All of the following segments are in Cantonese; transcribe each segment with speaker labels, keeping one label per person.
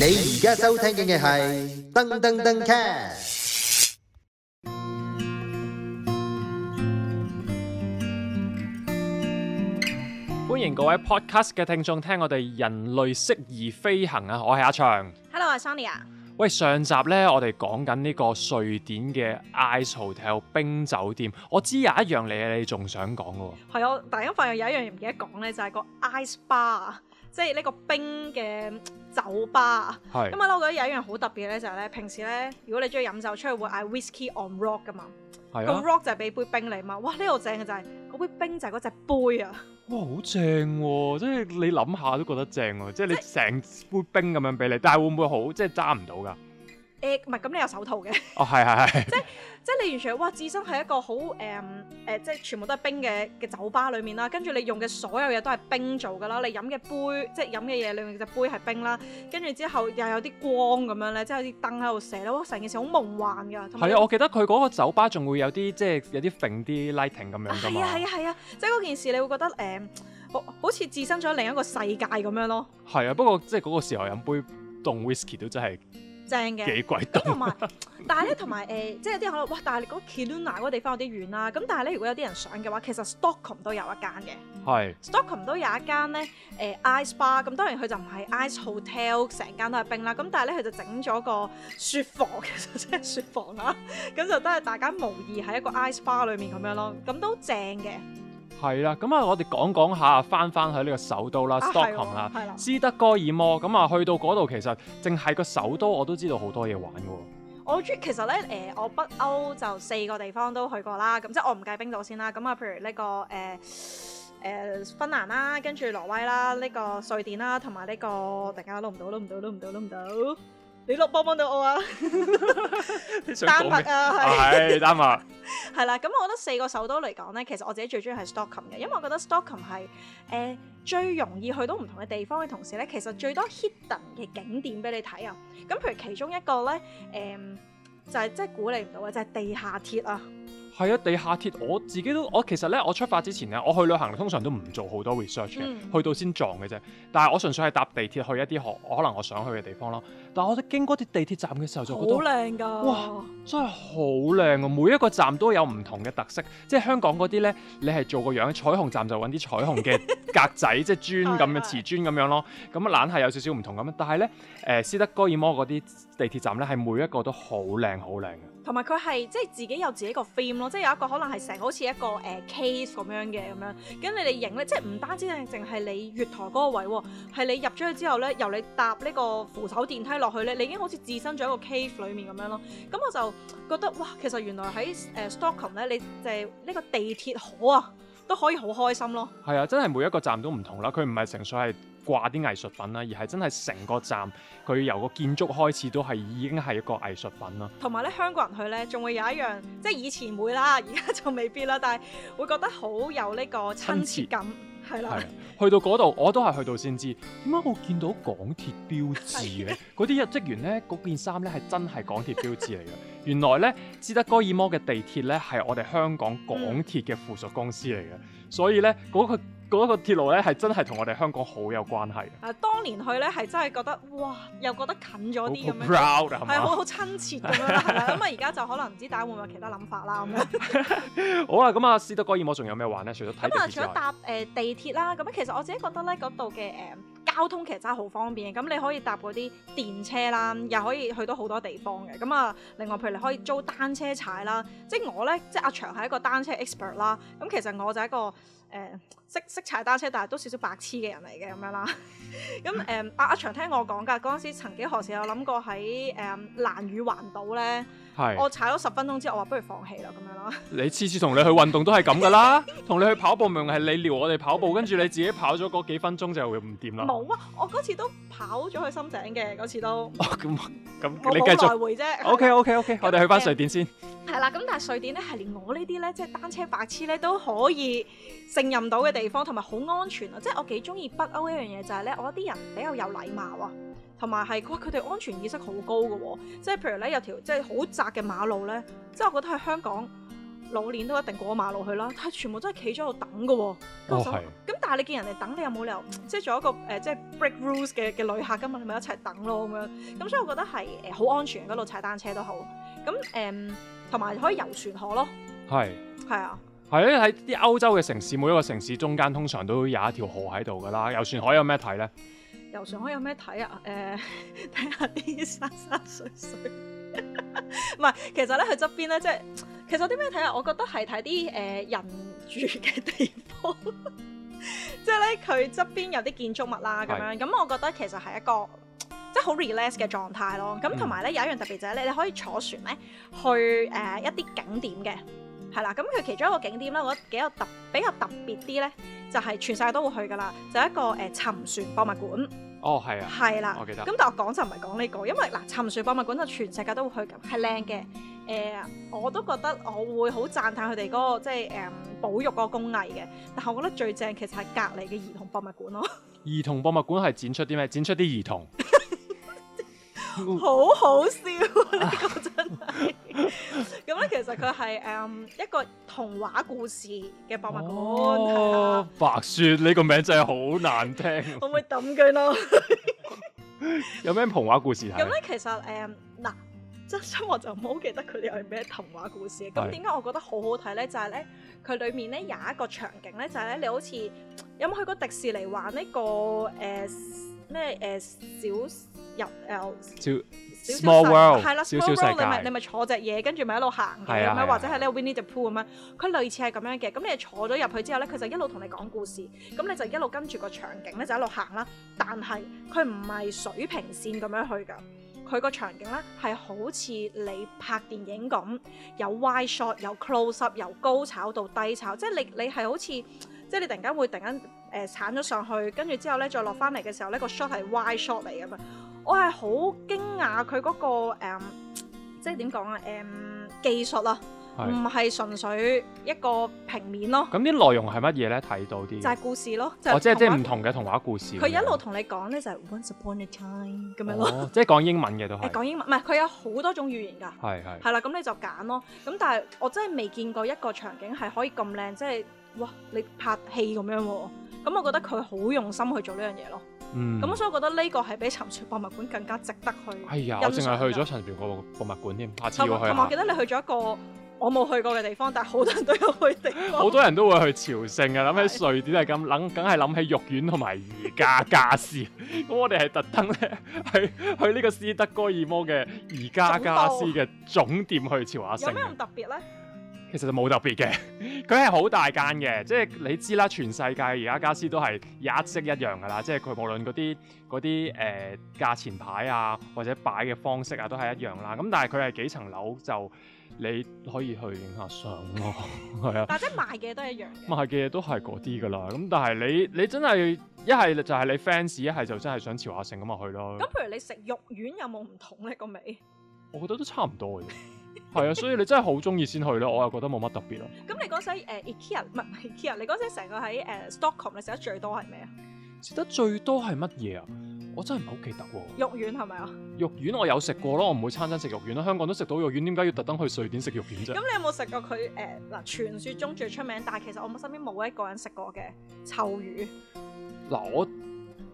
Speaker 1: 你而家收聽嘅係噔噔噔 cast 歡迎各位 podcast 嘅聽眾聽我哋人類適宜飛行啊！我係阿祥。
Speaker 2: Hello，阿 Sonya。
Speaker 1: 喂，上集咧，我哋講緊呢個瑞典嘅 ice hotel 冰酒店。我知有一樣嘢你仲想講嘅，
Speaker 2: 係啊，我突然間發現有一樣唔記得講咧，就係個 ice bar。即係呢個冰嘅酒吧啊，咁啊，我覺得有一樣好特別咧，就係咧，平時咧，如果你中意飲酒，出去會嗌 whisky on rock 噶嘛，個、啊、rock 就係俾杯冰你嘛，哇！呢度正嘅就係、是、嗰杯冰就係嗰隻杯啊，
Speaker 1: 哇！好正喎、哦，即係你諗下都覺得正喎，即係你成杯冰咁樣俾你，但係會唔會好即係揸唔到㗎？
Speaker 2: 誒唔係咁，欸、你有手套嘅。
Speaker 1: 哦，係係係。啊、
Speaker 2: 即即你完全哇，置身係一個好誒誒，即全部都係冰嘅嘅酒吧裏面啦。跟住你用嘅所有嘢都係冰做㗎啦。你飲嘅杯，即飲嘅嘢你用隻杯係冰啦。跟住之後又有啲光咁樣咧，即有啲燈喺度射咯。成件事好夢幻㗎。係啊，樣我記
Speaker 1: 得佢嗰個酒吧仲會有啲即有啲揈啲 lighting 咁樣㗎，係啊係啊
Speaker 2: 係啊，啊，啊，即嗰件事你會覺得誒、嗯，好似置身咗另一個世界咁樣咯。
Speaker 1: 係啊，不過即嗰個時候飲杯凍 whisky 都真係～正嘅，咁同埋，
Speaker 2: 但係咧，同埋誒，即係有啲人可能，哇！但係你嗰 Kiruna 嗰個地方有啲遠啦、啊，咁但係咧，如果有啲人想嘅話，其實 Stockholm、ok、都有一間嘅，係是 Stockholm、ok、都有一間咧誒、呃、Ice Bar，咁當然佢就唔係 Ice Hotel，成間都係冰啦，咁但係咧佢就整咗個雪房，其實即係雪房啦，咁就都係大家模擬喺一個 Ice Bar 裡面咁樣咯，咁都正嘅。
Speaker 1: 係啦，咁啊，我哋講講下，翻翻喺呢個首都啦，Stockholm 啦，斯德哥爾摩。咁啊，去到嗰度其實淨係個首都，我都知道好多嘢玩嘅。我
Speaker 2: 好中意，其實咧，誒、呃，我北歐就四個地方都去過啦。咁即係我唔計冰島先啦。咁啊，譬如呢、這個誒誒、呃呃、芬蘭啦、啊，跟住挪威啦、啊，呢、這個瑞典啦、啊，同埋呢個，大家間 load 唔到 load 唔到 load 唔到 load 唔到。你落幫幫到我啊！
Speaker 1: 丹麥啊，係丹麥。
Speaker 2: 係 啦， 咁我覺得四個首都嚟講咧，其實我自己最中意係 Stockholm 嘅，因為我覺得 Stockholm 係誒、呃、最容易去到唔同嘅地方嘅同時咧，其實最多 hidden 嘅景點俾你睇啊。咁譬如其中一個咧，誒就係即係估你唔到嘅，就係、是就是就是、地下鐵啊。
Speaker 1: 係啊，地下鐵我自己都，我其實咧，我出發之前咧，我去旅行通常都唔做好多 research 嘅，嗯、去到先撞嘅啫。但係我純粹係搭地鐵去一啲可可能我想去嘅地方咯。但係我喺經過啲地鐵站嘅時候就覺得，好
Speaker 2: 靚㗎！嘩，真係
Speaker 1: 好靚啊！每一個站都有唔同嘅特色，即係香港嗰啲咧，你係做個樣，彩虹站就搵啲彩虹嘅。 格仔即係磚咁嘅瓷磚咁樣咯，咁懶係有少少唔同咁啊，但係咧誒斯德哥爾摩嗰啲地鐵站咧係每一個都好靚好靚嘅，
Speaker 2: 同埋佢係即係自己有自己一個 theme 咯，即係有一個可能係成個好似一個誒 case 咁樣嘅咁樣，咁你哋影咧即係唔單止淨係你月台嗰個位喎，係你入咗去之後咧，由你搭呢個扶手電梯落去咧，你已經好似置身咗一個 cave 裡面咁樣咯，咁我就覺得哇，其實原來喺誒 Stockholm 咧，你誒呢個地鐵好啊！都可以好開心咯，
Speaker 1: 係啊！真係每一個站都唔同啦，佢唔係純粹係掛啲藝術品啦，而係真係成個站佢由個建築開始都係已經係一個藝術品啦。
Speaker 2: 同埋咧，香港人去咧仲會有一樣，即係以前會啦，而家就未必啦，但係會覺得好有呢個親切感。係
Speaker 1: 去到嗰度我都係去到先知，點解我見到港鐵標誌嘅？嗰啲 入職員呢，嗰件衫呢係真係港鐵標誌嚟嘅。原來呢，斯德哥爾摩嘅地鐵呢係我哋香港港鐵嘅附屬公司嚟嘅，所以呢，嗰個。嗰個鐵路咧係真係同我哋香港好有關係
Speaker 2: 嘅。啊，當年去咧係真係覺得，哇，又覺得近咗啲咁樣，係好好親切咁樣啦，係啦。 咁啊，而家就可能唔知大家會唔會有其他諗法啦咁樣。
Speaker 1: 好啦，咁啊，斯德哥爾摩仲有咩玩咧？除咗睇咁啊，除咗搭
Speaker 2: 誒、呃、地鐵啦，咁其實我自己覺得咧，嗰度嘅誒交通其實真係好方便。咁你可以搭嗰啲電車啦，又可以去到好多地方嘅。咁啊，另外譬如你可以租單車踩啦。即係我咧，即係阿翔係一個單車 expert 啦。咁其實我就係一個。誒識識踩單車，但係都少少白痴嘅人嚟嘅咁樣啦。咁誒阿阿長聽我講㗎，嗰陣時曾幾何時有諗過喺誒、uh, 蘭雨環島咧？係是我踩咗十分鐘之後，我話不如放棄啦咁樣啦。
Speaker 1: 你次次同你去運動都係咁㗎啦，同 你去跑步明明係你撩我哋跑步，跟住 你自己跑咗嗰幾分鐘就會唔掂啦。
Speaker 2: 冇啊，我嗰次都跑咗去深井嘅，嗰次都。哦、
Speaker 1: oh，咁咁你有繼續。再冇回啫。O K O K O K，我哋去翻瑞典先。 嗯
Speaker 2: 係啦，咁、嗯、但係瑞典咧，係連我呢啲咧，即係單車白痴咧，都可以勝任到嘅地方，同埋好安全啊！即係我幾中意北歐一樣嘢，就係、是、咧，我啲人比較有禮貌啊，同埋係哇，佢哋安全意識好高嘅、啊，即係譬如咧有條即係好窄嘅馬路咧，即係我覺得喺香港老年都一定過馬路去啦，但係全部都係企咗喺度等嘅、啊，咁但係你見人哋等，你有冇理由即係做一個誒、呃、即係 break rules 嘅嘅旅客今日你咪一齊等咯咁樣，咁所以我覺得係誒好安全嗰度踩單車都好。咁誒，同埋、嗯、可以遊船河咯，
Speaker 1: 係是，係啊，係啊。喺啲歐洲嘅城市，每一個城市中間通常都有一條河喺度噶啦。遊船河有咩睇咧？
Speaker 2: 遊船河有咩睇啊？誒、呃，睇下啲山山水水，唔 係，其實咧佢側邊咧即係，其實有啲咩睇啊？我覺得係睇啲誒人住嘅地方，即係咧佢側邊有啲建築物啦咁是樣，咁、嗯、我覺得其實係一個。好 relax 嘅狀態咯，咁同埋咧有一樣特別就係咧，你可以坐船咧去誒、呃、一啲景點嘅係啦。咁佢其中一個景點咧，我覺得幾有特比較特別啲咧，就係全世界都會去噶啦，就係、一個誒、呃、沉船博物館。嗯、
Speaker 1: 哦，係啊，係啦的，我記得咁。但
Speaker 2: 我講就唔係講呢個，因為嗱、呃、沉船博物館就全世界都會去，係靚嘅誒，我都覺得我會好讚歎佢哋嗰個即係誒、呃、保育嗰個工藝嘅。但係我覺得最正其實係隔離嘅兒童博物館咯。
Speaker 1: 兒童博物館係展出啲咩？展出啲兒童。
Speaker 2: 好好笑呢、啊呢個真係，咁 咧、嗯、其實佢係誒一個童話故事嘅博物館。哦，啊、
Speaker 1: 白雪呢個名真係好難聽、啊。 我
Speaker 2: 唔會抌佢咯。
Speaker 1: 有咩童話故事睇？咁咧、 嗯、
Speaker 2: 其實誒嗱，真、嗯、真、嗯、我就唔好記得佢哋係咩童話故事。咁點解我覺得好好睇咧？就係、是、咧，佢裏面咧有一個場景咧，就係、是、咧你好似有冇去過迪士尼玩呢個誒咩誒小？入
Speaker 1: 誒小小世界，係啦，small world，你咪你咪
Speaker 2: 坐隻嘢，跟住咪一路行嘅，啊啊、或者係咧 Winnie the Pooh 咁樣，佢類似係咁樣嘅。咁你坐咗入去之後咧，佢就一路同你講故事，咁你就一路跟住個場景咧就一路行啦。但係佢唔係水平線咁樣去㗎，佢個場景咧係好似你拍電影咁，有 wide shot，有 close up，由高炒到低炒，即係你你係好似即係你突然間會突然間誒鏟咗上去，跟住之後咧再落翻嚟嘅時候咧、那個 shot 係 wide shot 嚟㗎嘛。我係好驚訝佢嗰個誒，即係點講啊？誒技術啦，唔係純粹一個平面咯。
Speaker 1: 咁啲內容係乜嘢咧？睇到啲就係
Speaker 2: 故事咯。哦，即係即係唔
Speaker 1: 同嘅童話故事。佢一路
Speaker 2: 同你講咧，就係 Once upon a time 咁樣咯。
Speaker 1: 即係講英文嘅都係講
Speaker 2: 英文，唔係佢有好多種語言㗎。係係係啦，咁你就揀咯。咁但係我真係未見過一個場景係可以咁靚，即係哇！你拍戲咁樣喎。咁我覺得佢好用心去做呢樣嘢咯。咁、嗯、所以，我覺得呢個係比沉船博物館更加值得去。哎呀，我淨係去
Speaker 1: 咗沉船博物館添，下次我要去啊！我記得
Speaker 2: 你去咗一個我冇去過嘅地方，但係好多人都有去地方。
Speaker 1: 好多人都會去朝聖啊！諗的起瑞典係咁諗，梗係諗起肉丸同埋宜家傢俬。咁 我哋係特登咧，去去呢個斯德哥爾摩嘅宜家傢俬嘅總店去朝下啊。有咩咁特別咧？其實就冇特別嘅，佢係好大間嘅，即係你知啦，全世界而家家私都係一式一樣噶啦，即係佢無論嗰啲嗰啲誒價錢牌啊，或者擺嘅方式啊，都係一樣啦。咁但係佢係幾層樓就你可以去影下相咯。但係即
Speaker 2: 係賣嘅嘢都一樣。
Speaker 1: 賣嘅嘢都係嗰啲噶啦，咁但係你你真係一係就係你 fans，一係就真係想朝下聖咁去咯。咁
Speaker 2: 譬如你食肉丸有冇唔同咧個味？
Speaker 1: 我覺得都差唔多嘅。係啊， 所以你真係好中意先去咯，我又覺得冇乜特別咯。
Speaker 2: 咁你嗰時誒、呃、IKEA 唔係 IKEA，你嗰時成個喺誒、呃、Stockholm，你食得最多係咩啊？
Speaker 1: 食得最多係乜嘢啊？我真係唔係好記得喎、
Speaker 2: 啊。肉丸係咪啊？
Speaker 1: 肉丸我有食過咯，我唔會餐餐食肉丸咯，香港都食到肉丸，點解要特登去瑞典食肉丸啫？咁
Speaker 2: 你有冇食過佢誒嗱傳說中最出名，但係其實我身邊冇一個人食過嘅臭魚
Speaker 1: 嗱、呃、我。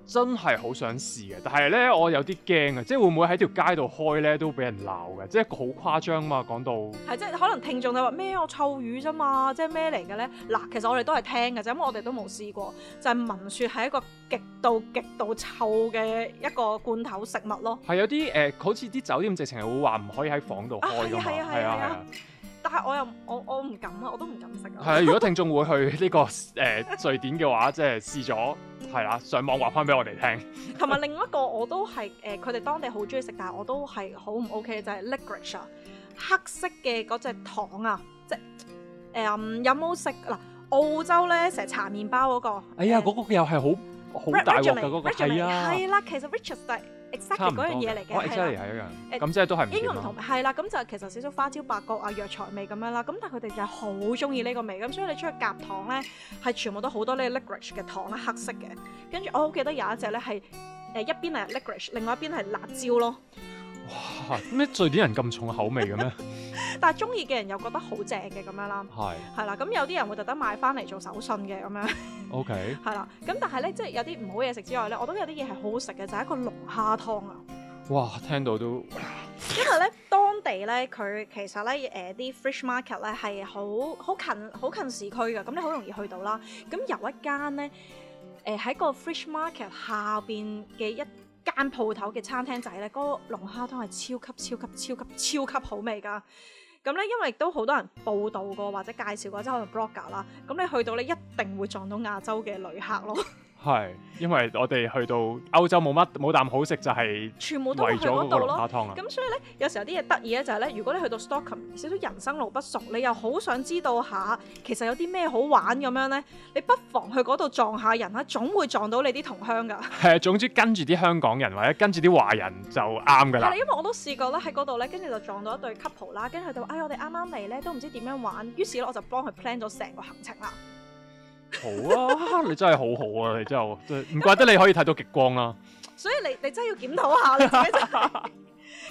Speaker 1: 真係好想試嘅，但係咧我有啲驚啊！即係會唔會喺條街度開咧都俾人鬧嘅？即係一個好誇張嘛，講到
Speaker 2: 係即係可能聽眾就話咩？我臭魚啫嘛！即係咩嚟嘅咧？嗱，其實我哋都係聽嘅啫，咁我哋都冇試過，就係、是、聞説係一個極度極度臭嘅一個罐頭食物咯。係
Speaker 1: 有啲誒、呃，好似啲酒店直情係會話唔可以喺房度開㗎嘛？啊係啊係啊！
Speaker 2: 但係我又我我唔敢啊，我都唔敢食啊。係啊，如果聽
Speaker 1: 眾會去呢、這個誒瑞典嘅話，即係、 呃、試咗係啦，上網話返俾我哋聽。
Speaker 2: 同埋另一個我都係誒，佢、呃、哋當地好鍾意食，但係我都係好唔 OK 嘅，就係、是、Licorice 黑色嘅嗰隻糖啊，即係誒、呃、有冇食嗱、呃、澳洲咧成日搽麵包嗰、那個？
Speaker 1: 哎呀，嗰、呃、個又係好～好大 iny，個嗰個味啊！係啦，
Speaker 2: 其實 Richards 嘅 exactly 嗰樣嘢嚟嘅，exactly 係一樣。誒、嗯，
Speaker 1: 咁即係都係英國唔同，
Speaker 2: 係啦、啊。咁、啊、就其實少少花椒、八角啊、藥材味咁樣啦。咁但係佢哋就係好中意呢個味咁，所以你出去夾糖咧，係全部都好多呢 licorice 嘅糖啦，黑色嘅。跟住我好記得有一隻咧係誒一邊係 licorice，另外一邊係辣椒咯。
Speaker 1: 哇！咩最聚啲人咁重口味嘅咩？
Speaker 2: 但係中意嘅人又覺得好正嘅咁樣啦，係係是啦。咁有啲人會特登買翻嚟做手信嘅咁樣。
Speaker 1: OK，係
Speaker 2: 啦。咁但係咧，即係有啲唔好嘢食之外咧，我都有啲嘢係好好食嘅，就係、是、一個龍蝦湯啊！
Speaker 1: 哇，聽到都
Speaker 2: 因為咧，當地咧，佢其實咧，誒、呃，啲 fresh market 咧係好好近好近市區㗎，咁你好容易去到啦。咁有一間咧，誒、呃，喺個 fresh market 下邊嘅一間鋪頭嘅餐廳仔咧，嗰個龍蝦湯係超級超級超級超級好味噶。咁咧，因為都好多人報道過或者介紹過，即係可能 Blogger 啦，咁你去到咧，一定會撞到亞洲嘅旅客咯。
Speaker 1: 係，因為我哋去到歐洲冇乜冇啖好食，就係全部都係咗個龍蝦湯咁、
Speaker 2: 啊、所以咧，有時候啲嘢得意咧，就係咧，如果你去到 Stockholm 少少人生路不熟，你又好想知道下其實有啲咩好玩咁樣咧，你不妨去嗰度撞下人啦、啊，總會撞到你啲同鄉噶。
Speaker 1: 係，總之跟住啲香港人或者跟住啲華人就啱噶啦。係，
Speaker 2: 因為我都試過啦，喺嗰度咧，跟住就撞到一對 couple 啦，跟住佢哋話：哎我哋啱啱嚟咧，都唔知點樣玩。於是咧，我就幫佢 plan 咗成個行程啦。
Speaker 1: 好啊！你真係好好啊！ 你真係，唔怪得你可以睇到極光啦、啊。
Speaker 2: 所以你你真係要檢討下。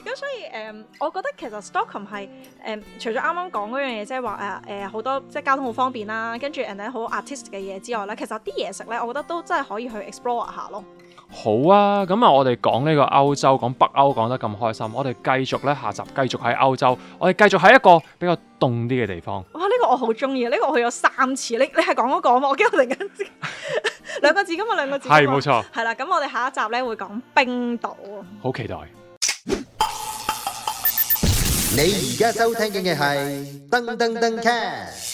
Speaker 2: 咁 所以誒，um, 我覺得其實 Stockholm、um、係、um, 除咗啱啱講嗰樣嘢，即係話誒誒好多即係、就是、交通好方便啦、啊，跟住 and 好 artistic 嘅嘢之外咧，其實啲嘢食咧，我覺得都真係可以去 explore 下咯。
Speaker 1: 好啊！咁啊，我哋講呢個歐洲，講北歐講得咁開心，我哋繼續咧下集繼續喺歐洲，我哋繼續喺一個比較凍啲嘅地方。
Speaker 2: 哇呢個我好中意呢個，我去咗三次。你你係講嗰個啊？我驚我突然間兩 個字咁啊，兩個字係冇錯。係啦，咁我哋下一集咧會講冰島。
Speaker 1: 好期待。你而家收聽緊嘅係
Speaker 2: 噔噔噔 cast